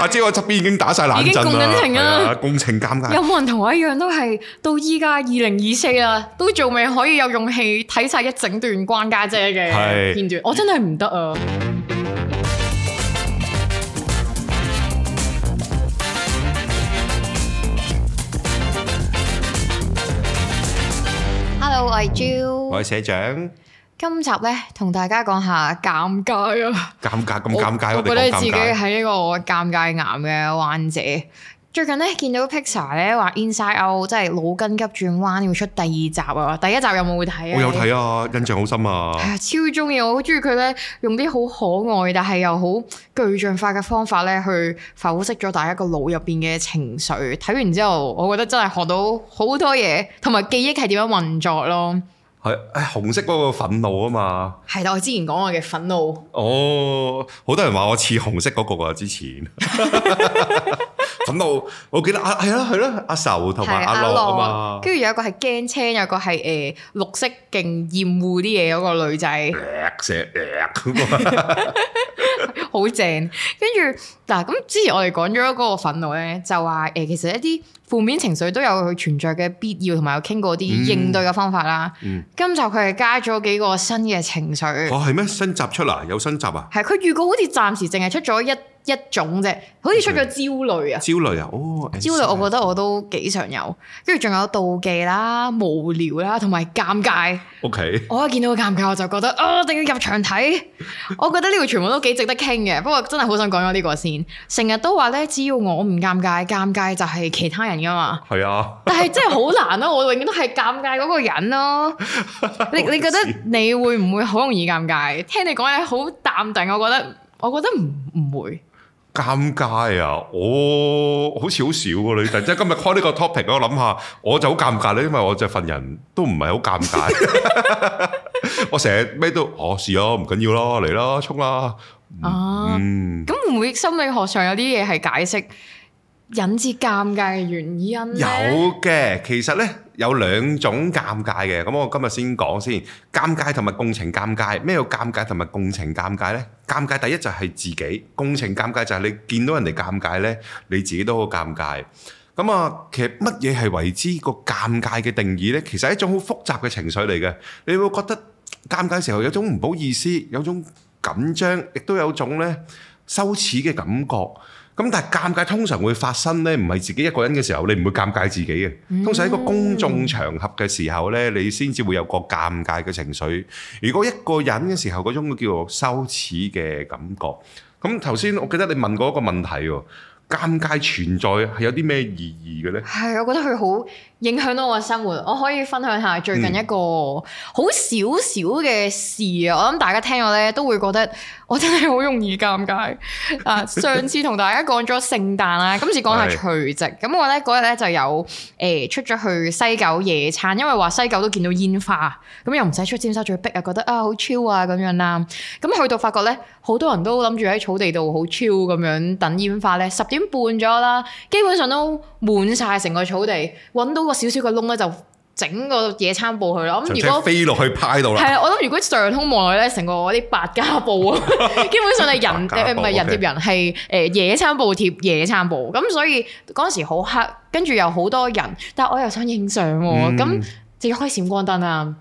阿蕉，我側邊已經打曬冷震啦，係啊，共情尷尬。有冇人同我一樣都係到依家二零二四啦，都仲未可以有勇氣睇曬一整段關家姐嘅片段？我真係唔得啊！Hello，我係 Joe，我係社長。今集咧，同大家講下尷尬啊！尷尬咁尷尬，尷尬啊、我覺得自己係一個尷尬癌嘅患者。最近咧見到 Pixar 咧，話 Inside Out 即係腦筋急轉彎要出第二集啊！第一集有冇會睇啊？我有睇啊，你印象好深啊！哎、超中意我好中意佢咧，用啲好可愛但係又好具象化嘅方法咧去剖析咗大家個腦入邊嘅情緒。睇完之後，我覺得真係學到好多嘢，同埋記憶係點樣運作咯。係，誒紅色嗰、那個憤怒啊嘛，係啦， 我之前講我嘅憤怒，哦，好多人話我似紅色嗰個啊，之前 憤怒，我記得啊，係咯係咯，啊啊仇啊、是阿仇同埋阿羅啊嘛，跟住有一個係驚青，有一個係誒、呃、綠色勁厭惡啲嘢嗰個女仔，射射 ，好正，跟住嗱，咁之前我哋講咗嗰個憤怒咧，就話誒、呃、其實一啲。負面情緒都有佢存在嘅必要，同埋有傾過啲應對嘅方法啦。嗯、今集佢係加咗幾個新嘅情緒。哦，係咩？新集出喇？有新集啊？係，佢預告好似暫時淨係出咗一。一種啫，好似出咗焦慮啊！焦慮啊、oh, Okay.，哦！焦慮，我覺得我都幾常有，跟住仲有妒忌啦、無聊啦，同埋尷尬。O K，我一見到個尷尬，我就覺得啊，一定要入場睇。我覺得呢個全部都幾值得傾嘅，不過真係好想講咗呢個先。成日都話咧，只要我唔尷尬，尷尬就係其他人㗎嘛。係啊。但係真係好難咯，我永遠都係尷尬嗰個人咯。 你你覺得你會唔會好容易尷尬？聽你講嘢好淡定，我覺得我覺得唔唔會。尷尬啊！Oh, 好啊，我好似好少咯呢啲，即係今日開呢個 topic，我諗下，我就好尷尬咧，啊，因為我隻份人都唔係好尷尬， 我成日咩都哦是咯，唔緊要咯，嚟啦，啦，衝啦。啊，咁會唔會心理學上有啲嘢係解釋引致尷尬嘅原因咧？有嘅，其實呢。有兩種尷尬嘅，咁我今日先講先。尷尬同埋共情尷尬，咩叫尷尬同埋共情尷尬呢？尷尬第一就係自己，共情尷尬就係你見到人哋尷尬呢，你自己都好尷尬。咁啊，其實乜嘢係為之個尷尬嘅定義呢？其實係一種好複雜嘅情緒嚟嘅。你會覺得尷尬時候有種唔好意思，有種緊張，亦都有種呢羞恥嘅感覺。咁但係尷尬通常會發生咧，唔係自己一個人嘅時候，你唔會尷尬自己嘅。通常喺個公眾場合嘅時候咧，你先至會有個尷尬嘅情緒。如果一個人嘅時候，嗰種叫做羞恥嘅感覺。咁頭先我記得你問過一個問題喎，尷尬存在係有啲咩意義嘅咧？係，我覺得佢好影響到我嘅生活，我可以分享下最近一個好少少嘅事啊！嗯、我諗大家聽咗咧都會覺得我真係好容易尷尬啊！ 上次同大家講咗聖誕啦，今次講下除夕。咁是我咧嗰日咧就有誒、呃、出咗去西九野餐，因為話西九都見到煙花，咁又唔使出尖沙咀逼啊，覺得啊好超 h i 啊咁樣啦。咁去到發覺咧好多人都諗住喺草地度好超 h 咁樣等煙花咧，十點半咗啦，基本上都滿晒成個草地，揾到，少少個窿咧，就整個野餐布去啦。咁如果飛落去派到啦，係啊！我諗如果上空望落咧，成個啲百家布啊， 基本上係人誒，唔係人貼人，係誒 Okay. 野餐布貼野餐布。咁所以嗰陣時好黑，跟住又好多人，但我又想影相喎。咁就要開閃光燈啊！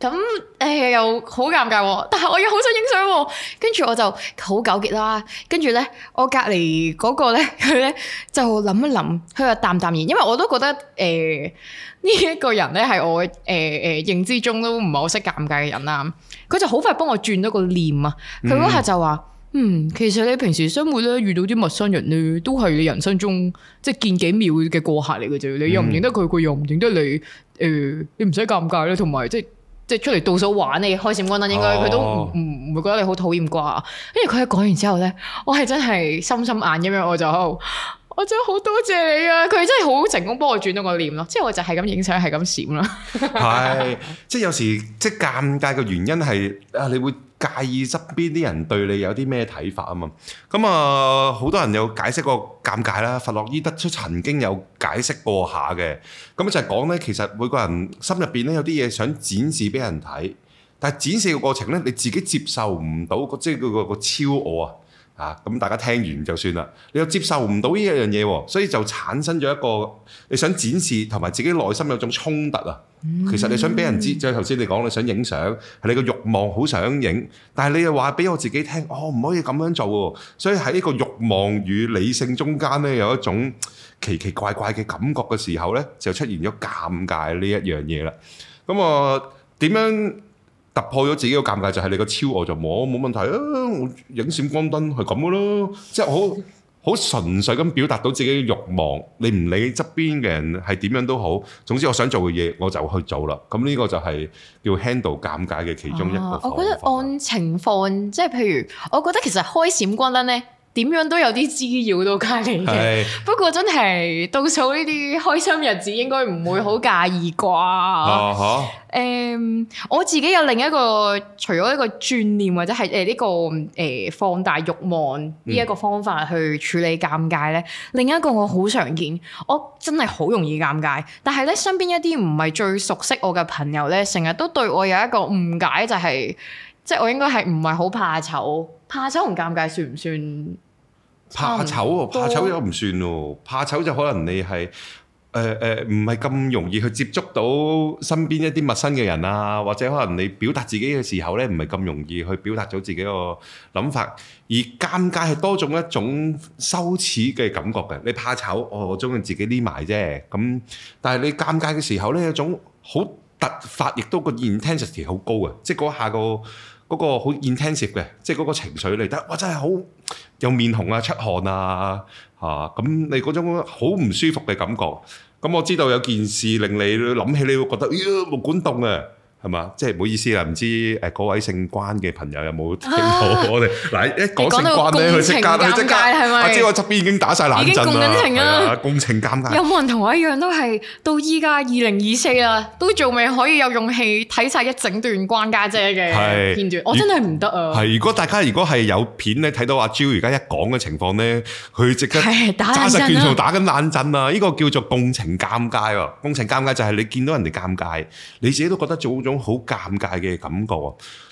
咁誒、欸、又好尷尬喎，但係我又好想影相喎，跟住我就好糾結啦。跟住咧，我隔離嗰個咧，佢咧就諗一諗，佢話淡淡然，因為我都覺得誒呢一個人咧係我誒誒、呃、認知中都唔係好識尷尬嘅人啦。佢就好快幫我轉咗個念啊！佢嗰下就話：嗯，其實你平時生活咧遇到啲陌生人咧，都係你人生中即係見幾秒嘅過客嚟嘅啫。你又唔認得佢，佢又唔認得你，誒、呃、你唔使尷尬咧，同埋即係。即係出嚟倒數玩你開閃光燈，應該佢都唔唔會覺得你好討厭啩。跟住佢一講完之後咧，我係真係心心眼咁樣，我就。我真係好多謝你啊！佢真係好成功幫我轉咗個念咯，即係我就係咁影相，係咁閃啦。係，即係有時即係尷尬嘅原因係啊，你會介意側邊啲人對你有啲咩睇法啊嘛？咁啊，好、呃、多人有解釋過尷尬啦。弗洛伊德出曾經有解釋過下嘅，咁就係講呢，其實每個人心入邊呢，有啲嘢想展示俾人睇，但係展示嘅過程呢，你自己接受唔到，嗰個，即係佢個超我啊。嚇咁、啊、大家聽完就算啦，你又接受唔到呢一樣嘢喎，所以就產生咗一個你想展示同埋自己內心有種衝突啊。嗯、其實你想俾人知，即係頭先你講你想影相，係你個欲望好想影，但係你又話俾我自己聽，哦，唔可以咁樣做喎，所以喺呢個欲望與理性中間咧有一種奇奇怪怪嘅感覺嘅時候咧，就出現咗尷尬呢一、嗯呃、樣嘢啦。咁啊點樣？突破咗自己個尷尬，就係、是、你個超我就冇冇問題啊！我影閃光燈係咁噶咯，即係好好純粹咁表達到自己嘅慾望，你唔理側邊嘅人係點樣都好，總之我想做嘅嘢我就去做啦。咁呢個就係叫 handle 尷尬嘅其中一個方法、啊、我覺得按情況，即係譬如，我覺得其實開閃光燈呢。點樣都有啲滋擾到隔離嘅，是不過真係到咗呢啲開心日子，應該唔會好介意啩。誒， um, 我自己有另一個，除咗一個轉念或者係誒呢個誒、呃、放大慾望呢一個方法去處理尷尬咧，嗯、另一個我好常見，我真係好容易尷尬。但係咧，身邊一啲唔係最熟悉我嘅朋友咧，成日都對我有一個誤解、就係，就係即係我應該係唔係好怕醜？怕醜同尷尬算唔算？怕醜，怕醜又唔算喎。怕醜就可能你係誒誒，唔係咁容易去接觸到身邊一啲陌生嘅人啊，或者可能你表達自己嘅時候呢，唔係咁容易去表達到自己個諗法。而尷尬係多種一種羞恥嘅感覺嘅。你怕醜，哦、我我中意自己匿埋啫。咁，但係你尷尬嘅時候呢，有種好突發，亦都個 intensity 好高啊，即係嗰下、嗰個。嗰個好 intensive 嘅，即係嗰個情緒嚟得，哇真係好有面紅啊、出汗啊嚇，咁、啊嗯、你嗰種好唔舒服嘅感覺。咁、嗯、我知道有件事令你諗起，你會覺得，哎呀，毛管凍啊！係嘛？即係唔好意思啦，唔知誒嗰位姓關嘅朋友有冇聽到我哋嗱、啊？一講姓關咧，佢即係加，佢即係加。我側邊已經打晒冷陣，已經共緊情啦。共情尷尬。有冇人同我一樣都係到依家二零二四啊，都仲未可以有勇氣睇晒一整段關家姐嘅片段？是我真係唔得啊！係如果大家如果係有片咧睇到阿朱而家一講嘅情況咧，佢即刻打緊針啦，打緊冷針啊！呢個叫做共情尷尬啊，共情尷尬就係你見到人哋尷尬，你自己都覺得做。種好尷尬嘅感覺，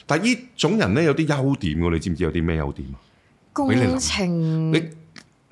但係呢種人呢有啲優點嘅，你知唔知有啲咩優點啊？共情。你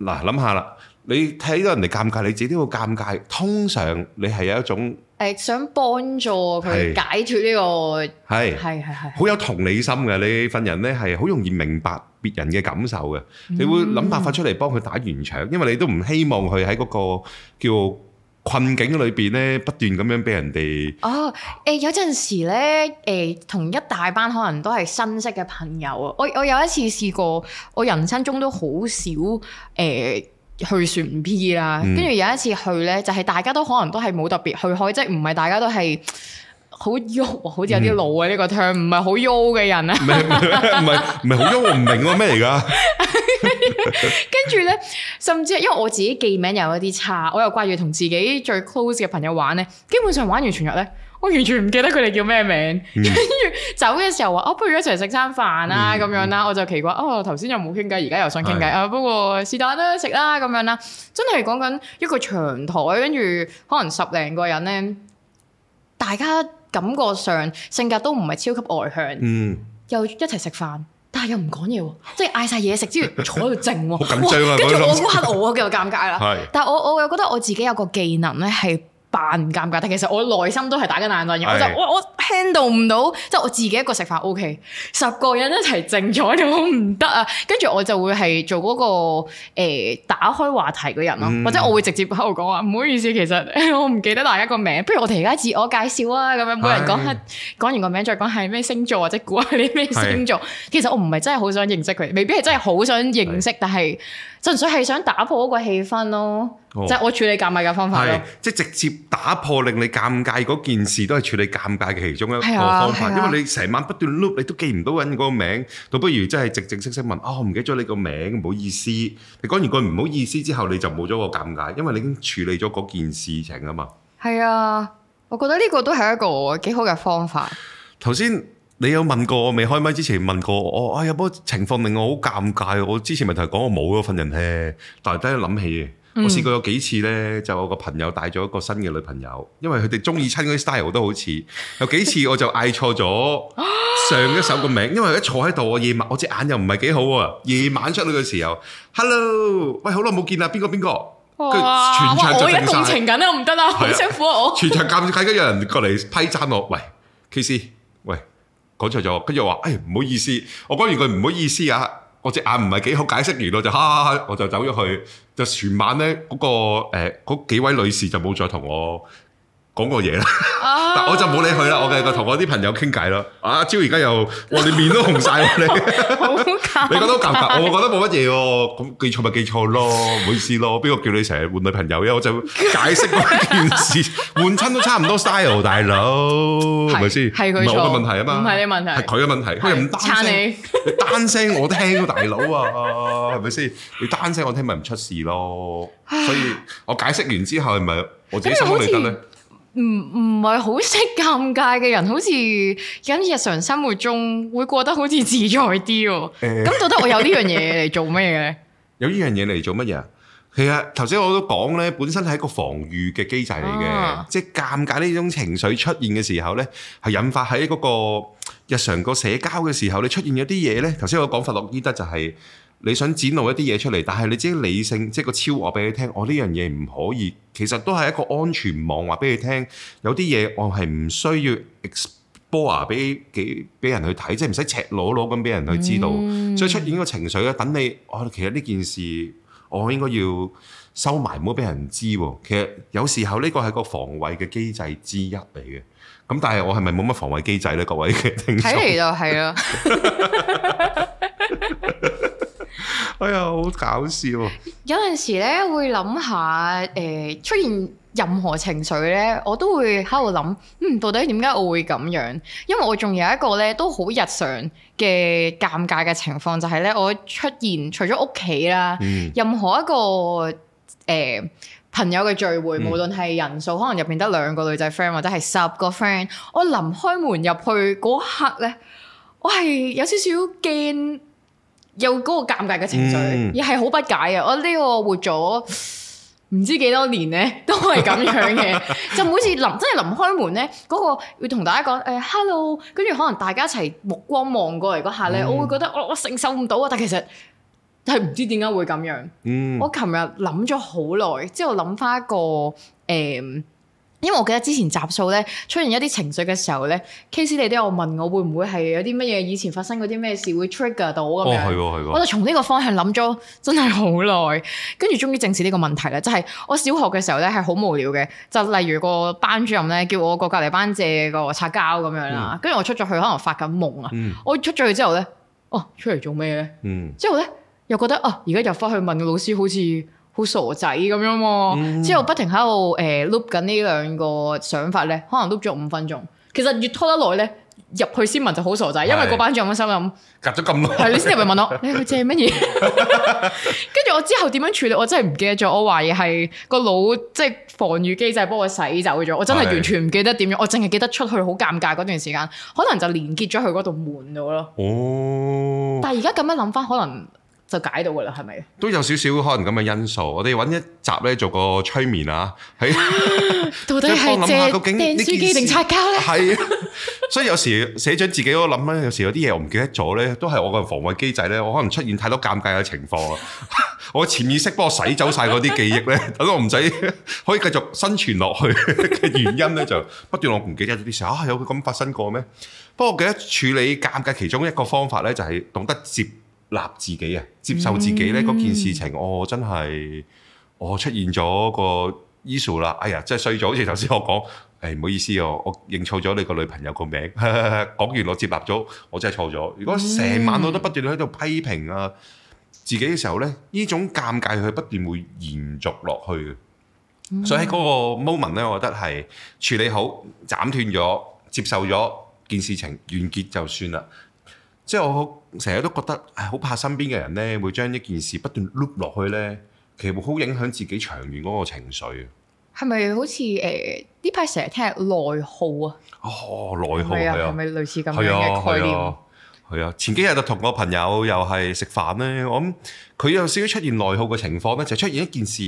嗱諗下啦，你睇到人哋尷尬，你自己都會尷尬。通常你係有一種誒想幫助佢解脱呢個係係係係好有同理心嘅。你份人呢係好容易明白別人嘅感受嘅，你會諗辦法出嚟幫佢打圓場，因為你都唔希望佢喺嗰個叫。困境裏邊咧，不斷咁樣俾人哋。哦，誒、欸、有陣時咧，誒、欸、同一大班可能都係新識嘅朋友啊。我我有一次試過，我人生中都好少誒、欸、去船 P 啦。跟住、嗯、有一次去咧，就係、是、大家都可能都係冇特別去開，嗯、即係唔係大家都係好喐，好似有啲老啊呢、嗯、個 turn，唔係好喐嘅人啊。 唔係唔係好喐，唔明咩嚟㗎？ 跟住咧，甚至係因為我自己記名又有啲差，我又掛住同自己最 close 嘅朋友玩咧，基本上玩完全日咧，我完全唔記得佢哋叫咩名。嗯、跟住走嘅時候話，哦，不如一齊食餐飯啦，咁、嗯、樣啦，我就奇怪，哦，頭先又冇傾偈，而家又想傾偈是的 啊，不過是但啦，食啦，咁樣啦，真係講緊一個長台，跟住可能十零個人咧，大家感覺上性格都唔係超級外向，嗯，又一齊食飯。但係又唔講嘢喎， 即係嗌曬嘢食之餘坐喺度靜喎，跟住我覺得我又 尷尬啦。是的但係我我又覺得我自己有個技能咧係。扮唔尷尬，但其實我內心都係打緊冷戰，然後是我就我我 handle 唔到，即、就、係、是、我自己一個食飯 O、okay, K，十個人一齊靜坐都唔得啊！跟住我就會係做嗰、那個、欸、打開話題嘅人咯，嗯、或者我會直接喺度講話唔好意思，其實我唔記得大家個名，不如我哋而家自我介紹啊，咁樣每人講下，講是完個名再講係咩星座或者估下你咩星座。星座是其實我唔係真係好想認識佢，未必係真係好想認識，是但係。純粹係想打破嗰個氣氛咯，即係、哦、我處理尷尬嘅方法咯。即係直接打破令你尷尬嗰件事，都係處理尷尬嘅其中一個方法。啊啊、因為你成晚不斷 look，你都記唔到人嗰個名，倒不如真係靜靜聲聲問：啊、哦，唔記得咗你個名，唔好意思。你講完句唔好意思之後，你就冇咗個尷尬，因為你已經處理咗嗰件事情啊嘛。係啊，我覺得呢個都係一個幾好嘅方法。頭先。你有問過？未開麥之前問過我。哎、哦、呀，有冇情況令我好尷尬。我之前咪同你講我冇嗰份人氣，但係突然諗起嘅，我試過有幾次咧，就我個朋友帶咗一個新嘅女朋友，因為佢哋中意親嗰啲 style 都好似。有幾次我就嗌錯咗上一首個名，因為一坐喺度，我夜晚我隻眼又唔係幾好啊。夜晚出去嘅時候，Hello，喂，好耐冇見啦，邊個邊個？佢哇全場就動情緊啦，唔得啦，好的辛苦啊！我全場尷尬緊，有人過嚟批讚我。喂，KC，喂。跟住話，誒、哎、唔好意思，我講完佢唔好意思啊，我隻眼唔係幾好，解釋完咯就，哈哈哈。我就走咗去，就全晚呢嗰、嗰個誒嗰、欸、幾位女士就冇再同我。講過嘢啦，但我就冇理佢啦。我繼續同我啲朋友傾偈咯。阿招而家又哇，你面都紅晒你你覺得好尷尬？我覺得冇乜嘢喎。咁記錯咪記錯咯，唔好意思咯。邊個叫你成日換女朋友？因我就解釋一件事，換親都差唔多 style，大佬係咪先？係佢嘅問題啊嘛，唔係你問題，係佢嘅問題。佢又唔單聲，單聲我聽，大佬啊，係咪先？你單聲我聽咪唔出事咯。所以我解釋完之後，咪我自己心安理得咧。唔唔係好識尷尬嘅人，好似喺日常生活中會過得好似自在啲喎。咁到底我有呢樣嘢嚟做咩嘅咧？有呢樣嘢嚟做乜嘢啊？其實頭先我都講呢，本身係一個防御嘅機制嚟嘅。啊、即係尷尬呢種情緒出現嘅時候呢，係引發喺嗰個日常個社交嘅時候，你出現咗啲嘢呢？頭先我講佛洛伊德就係、是。你想展露一啲嘢出嚟，但係你自己理性即係個超我俾你聽，我呢樣嘢唔可以，其實都係一個安全網，話俾你聽，有啲嘢我係唔需要 expose 俾幾俾人去睇，即係唔使赤裸裸咁俾人去知道。嗯、所以出現個情緒咧，等你，我、哦、其實呢件事我應該要收埋，唔好俾人知喎。其實有時候呢個係個防衞嘅機制之一嚟嘅。咁但係我係咪冇乜防衞機制呢？各位聽眾？睇嚟就係哎呀，好搞笑！有陣時咧會諗下，誒、呃、出現任何情緒咧，我都會喺度諗，嗯，到底點解我會咁樣？因為我仲有一個咧都好日常嘅尷尬嘅情況，就係、是、咧我出現，除咗屋企啦，嗯、任何一個誒、呃、朋友嘅聚會，嗯、無論係人數，可能入邊得兩個女仔 friend，或者係十個 friend，我臨開門入去嗰刻咧，我係有少少驚。有嗰個尷尬嘅情緒，而係好不解嘅。我呢個活咗唔知幾多年咧，都係咁樣嘅， 就每次臨真係臨開門咧嗰、嗰個要同大家講，誒、欸、hello，跟住可能大家一齊目光望過嚟嗰下咧，嗯、我會覺得，哦、我我承受唔到啊！但其實但係唔知點解會咁樣。嗯、我琴日諗咗好耐，之後諗翻一個誒。嗯因為我記得之前集數咧，出現一啲情緒嘅時候咧 KC 你都有問我會唔會係有啲乜嘢以前發生嗰啲咩事會 trigger 到咁樣。哦，係喎，係喎。我就從呢個方向諗咗真係好耐，跟住終於正視呢個問題咧，就係、是、我小學嘅時候咧，係好無聊嘅，就例如個班主任咧叫我個隔離班借個擦膠咁樣啦，跟住、嗯、我出咗去可能發緊夢啊，嗯、我出咗去之後咧，哦、啊、出嚟做咩咧？嗯，之後咧又覺得哦，而家入翻去問個老師好似。好傻仔咁樣嘛，嗯、之後不停喺度誒 loop 緊呢兩個想法咧，可能 loop 咗五分鐘。其實越拖得耐咧，入去先問就好傻仔，是因為個班長咁心諗夾咗咁耐，係你先入嚟問我 你去借乜嘢？跟住 我之後點樣處理，我真係唔記得咗。我懷疑係個腦即係防禦機制幫我洗走咗，我真係完全唔記得點樣。的我淨係記得出去好尷尬嗰段時間，可能就連結咗佢嗰度悶咗咯。但係而家咁樣諗翻，可能。就解到噶啦，係咪？都有少少可能咁嘅因素。我哋揾一集咧，做個催眠啊，喺 到底係社定書記定拆家咧？係， 所以有時社長自己都諗咧，有時有啲嘢我唔記得咗咧，都係我個人防衛機制咧，我可能出現太多尷尬嘅情況啊！ 我潛意識幫我洗走晒嗰啲記憶咧，等 我唔使可以繼續生存落去嘅原因咧，就不斷我唔記得咗啲時候啊！有佢咁發生過咩？不過我記得處理尷尬其中一個方法咧，就係懂得接。接納自己啊，接受自己呢嗰件事情我、嗯哦、真係我出現咗個 issue 啦。哎呀，真係衰咗，好似頭先我講，誒、哎、唔好意思哦，我認錯咗你個女朋友個名。講 完我接納咗，我真係錯咗。如果成晚我都不斷喺度批評啊自己嘅時候呢，呢種尷尬佢不斷會延續落去，嗯、所以喺嗰個 moment 呢，我覺得係處理好，斬斷咗，接受咗件事情，完結就算啦。即係我成日都覺得，誒，好怕身邊嘅人呢，會將一件事不斷碌落去呢，其實會好影響自己長遠嗰個情緒。係咪好似誒呢排成日聽到內耗啊？哦，內耗啊！係咪、啊、類似咁樣嘅概念？係啊，啊，啊，啊，前幾日就同個朋友又係食飯呢。我諗佢有少少出現內耗嘅情況呢，就是、出現一件事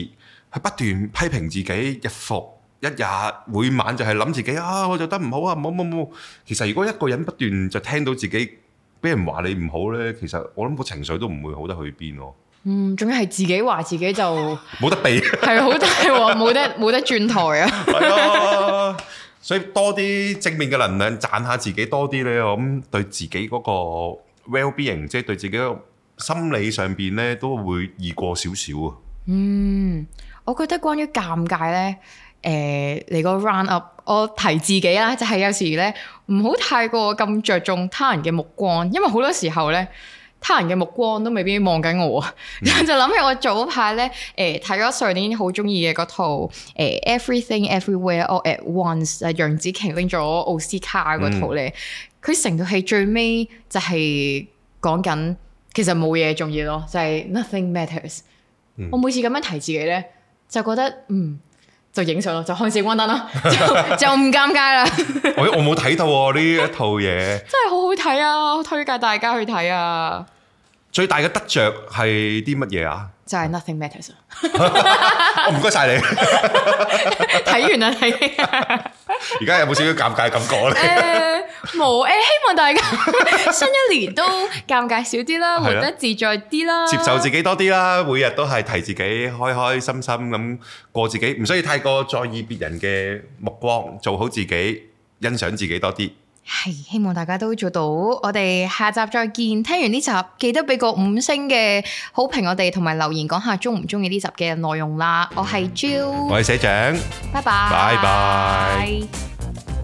係不斷批評自己，日復一日，每晚就係諗自己啊，我做得唔好啊，冇冇冇。其實如果一個人不斷就聽到自己，俾人話你唔好呢，其實我諗個情緒都唔會好得去邊喎、啊。嗯，仲要係自己話自己就冇 得避，係 好大喎、哦，冇得冇得轉台啊。 所以多啲正面嘅能量，讚下自己多啲呢。我諗對自己嗰個 well-being，即係對自己心理上邊呢，都會易過少少啊。嗯，我覺得關於尷尬呢。誒嚟、呃、個 round up，我提自己啦，就係、是、有時咧唔好太過咁着重他人嘅目光，因為好多時候咧，他人嘅目光都未必望緊我。嗯、 就諗起我早排咧，誒睇咗上年好中意嘅嗰套誒、呃、Everything Everywhere All At Once，誒楊紫瓊拎咗奧斯卡嗰套咧，佢成、嗯、套戲最尾就係講緊其實冇嘢重要咯，就係、是、nothing matters。嗯、我每次咁樣提自己咧，就覺得嗯。就影相咯，就開閃光燈咯，就就唔尷尬啦。我我冇睇到喎呢一套嘢。真係好好睇啊！推介大家去睇啊，啊！最大嘅得着係啲乜嘢啊？就係 nothing matters、 哦。唔該晒你，睇完啦，係。而家有冇少少尷尬感覺咧？Uh 冇誒，希望大家新一年都尷尬少啲啦，活得自在啲啦，接受自己多啲啦，每日都係提自己開開心心咁過自己，唔需要太過在意別人嘅目光，做好自己，欣賞自己多啲。係，希望大家都做到。我哋下集再見。聽完呢集記得俾個五星嘅好評我哋，同埋留言講下鍾唔鍾意呢集嘅內容啦。我係 Jew，我係社長。拜拜。拜拜。